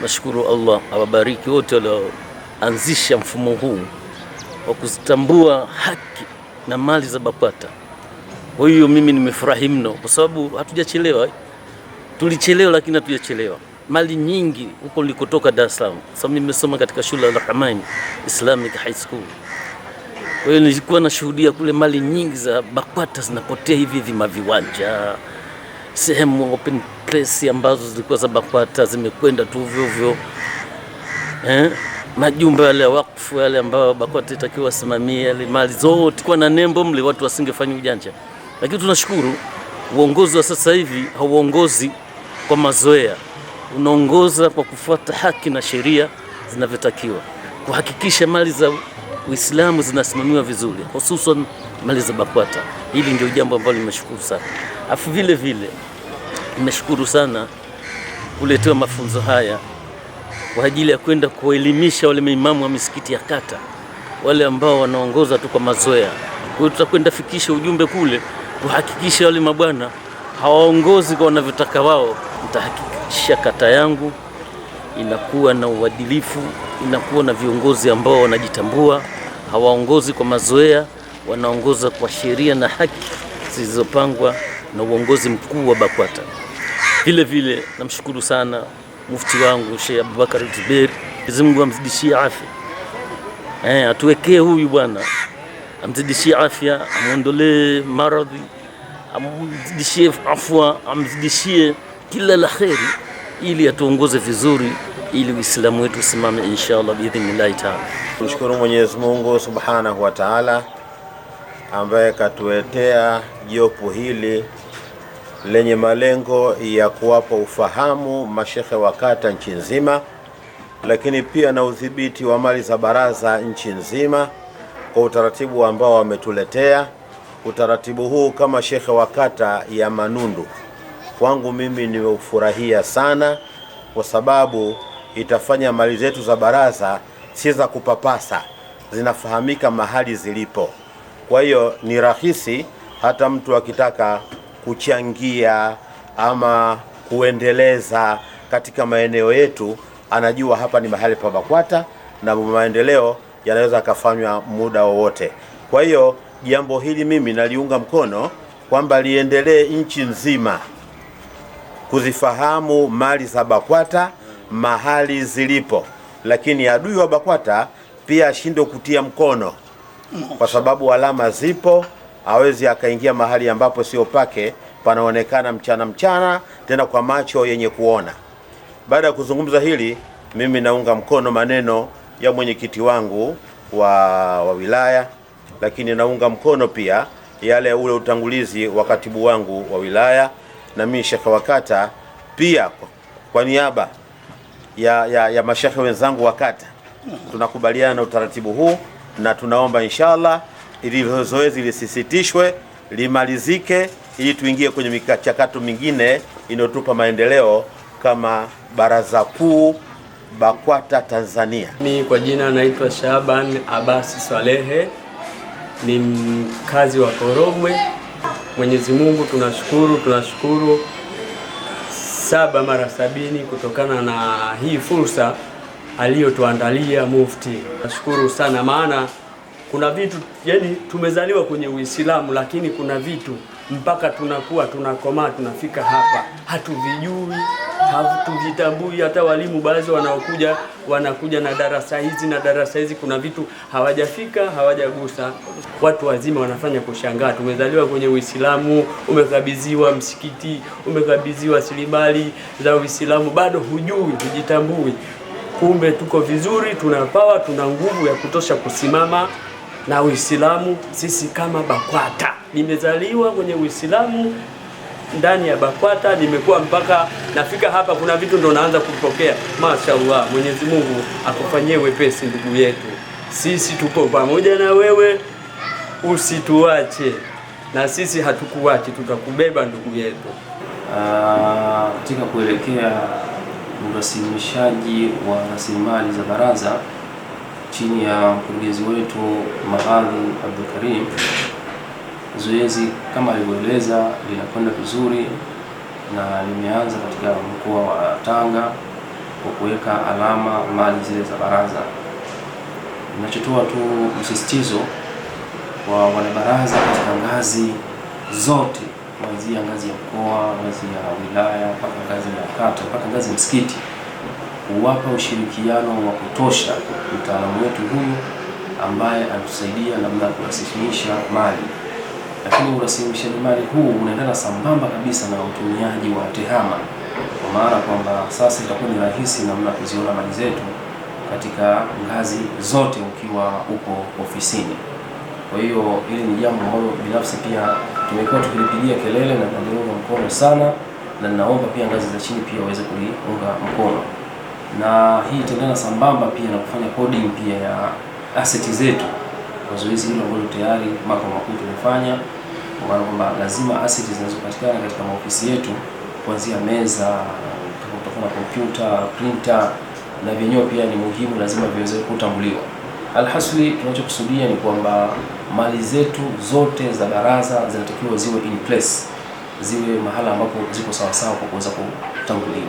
Nashukuru Allah awabariki wote walioanzisha mfumo huu wa kuzitambua haki na mali za BAKWATA. Kwa hiyo mimi nimefurahi mno, kwa sababu hatujachelewa. Tulichelewa, lakini hatujachelewa. Mali nyingi huko nilikotoka Dar es Salaam, sababu nimesoma katika shule ya Rahmain Islamic High School. Kwa hiyo nilikuwa nashuhudia kule mali nyingi za BAKWATA zinapotea hivi hivi maviwanja sehemu open place ambazo zilikuwa za BAKWATA zimekwenda tu ovyo ovyo eh? majumba yale ya wakfu yale ambayo BAKWATA itakiwa wasimamie yale mali zote kwa na nembo mle, watu wasingefanya ujanja. Lakini tunashukuru uongozi wa sasa hivi hauongozi kwa mazoea, unaongoza kwa kufuata haki na sheria zinavyotakiwa, kuhakikisha mali za Uislamu zinasimamiwa vizuri hususan mali za BAKWATA. Hili ndio jambo ambalo nimeshukuru sana. Afu vile vile nimeshukuru sana kuletewa mafunzo haya kwa ajili ya kwenda kuwaelimisha wale maimamu wa misikiti ya kata, wale ambao wanaongoza tu kwa mazoea. Kwa hiyo tutakwenda fikisha ujumbe kule, kuhakikisha wale mabwana hawaongozi kwa wanavyotaka wao. Nitahakikisha kata yangu inakuwa na uadilifu, inakuwa na viongozi ambao wanajitambua, hawaongozi kwa mazoea wanaongoza kwa sheria na haki zilizopangwa na uongozi mkuu wa BAKWATA. Vile vile namshukuru sana mufti wangu Sheikh Abubakar Zuberi, Mwenyezi Mungu amzidishie afya eh, atuwekee huyu bwana, amzidishie afya, amwondolee maradhi, amzidishie afwa, amzidishie kila la kheri, ili atuongoze vizuri ili Uislamu wetu usimame inshallah biidhnillahi taala. Tumshukuru Mwenyezi Mungu subhanahu wa taala ambaye katuletea jopo hili lenye malengo ya kuwapa ufahamu mashehe wa kata nchi nzima, lakini pia na udhibiti wa mali za baraza nchi nzima kwa utaratibu ambao wametuletea. Utaratibu huu kama shekhe wa kata ya Manundu, kwangu mimi nimeufurahia sana, kwa sababu itafanya mali zetu za baraza si za kupapasa, zinafahamika mahali zilipo. Kwa hiyo ni rahisi hata mtu akitaka kuchangia ama kuendeleza katika maeneo yetu, anajua hapa ni mahali pa BAKWATA na maendeleo yanaweza akafanywa muda wowote. Kwa hiyo jambo hili mimi naliunga mkono kwamba liendelee nchi nzima kuzifahamu mali za BAKWATA mahali zilipo, lakini adui wa BAKWATA pia ashindwe kutia mkono kwa sababu alama zipo, hawezi akaingia mahali ambapo sio pake, panaonekana mchana mchana, tena kwa macho yenye kuona. Baada ya kuzungumza hili, mimi naunga mkono maneno ya mwenyekiti wangu wa, wa wilaya, lakini naunga mkono pia yale ule utangulizi wa katibu wangu wa wilaya na mimi shekhe wa kata pia kwa, kwa niaba ya, ya, ya mashekhe wenzangu wa kata tunakubaliana na utaratibu huu na tunaomba inshallah ili zoezi lisisitishwe limalizike, ili tuingie kwenye michakato mingine inayotupa maendeleo kama Baraza Kuu BAKWATA Tanzania. Mimi kwa jina naitwa Shaban Abasi Swalehe, ni mkazi wa Korogwe. Mwenyezi Mungu tunashukuru, tunashukuru saba mara sabini kutokana na hii fursa aliyotuandalia Mufti. Nashukuru sana, maana kuna vitu yani, tumezaliwa kwenye Uislamu lakini kuna vitu mpaka tunakuwa tunakomaa tunafika hapa hatuvijui, hatuvitambui. Hata walimu baadhi wanaokuja wanakuja na darasa hizi na darasa hizi, kuna vitu hawajafika hawajagusa. Watu wazima wanafanya kushangaa. Tumezaliwa kwenye Uislamu, umekabidhiwa msikiti, umekabidhiwa silibali za Uislamu, bado hujui, hujitambui kumbe tuko vizuri, tuna pawa, tuna nguvu ya kutosha kusimama na Uislamu sisi kama BAKWATA. Nimezaliwa kwenye Uislamu ndani ya BAKWATA, nimekuwa mpaka nafika hapa, kuna vitu ndo naanza kupokea. Mashaallah, Mwenyezi Mungu akufanyie wepesi ndugu yetu, sisi tupo pamoja na wewe, usituache na sisi hatukuwachi, tutakubeba ndugu yetu ah, katika uh, kuelekea urasimishaji wa rasilimali za baraza chini ya mkurugenzi wetu Mahadhi Abdulkarim. Zoezi kama alivyoeleza linakwenda vizuri na limeanza katika mkoa wa Tanga kwa kuweka alama mali zile za baraza. Ninachotoa tu msisitizo kwa wanabaraza katika ngazi zote kuanzia ngazi ya mkoa, ngazi ya wilaya, mpaka ngazi ya kata, mpaka ngazi ya msikiti, kuwapa ushirikiano wa kutosha mtaalamu wetu huyu ambaye anatusaidia namna ya kurasimisha mali. Lakini urasimishaji mali huu unaendana sambamba kabisa na utumiaji wa tehama, kwa maana kwamba sasa itakuwa ni rahisi namna kuziona mali zetu katika ngazi zote ukiwa uko ofisini. Kwa hiyo hili ni jambo ambalo binafsi pia tumekuwa tukilipigia kelele na kuliunga mkono sana, na ninaomba pia ngazi za chini pia waweze kuliunga mkono, na hii itaendana sambamba pia na kufanya coding pia ya asset zetu kwa zoezi hilo ambalo tayari mako makuu tumefanya, kwa maana kwamba lazima asset zinazopatikana katika maofisi yetu kuanzia meza na kompyuta, printer na vyenyewe pia ni muhimu, lazima viweze kutambuliwa. Alhasli, tunachokusudia ni kwamba mali zetu zote za baraza zinatakiwa ziwe in place, ziwe mahala ambapo ziko sawasawa kwa kuweza kutanguliwa.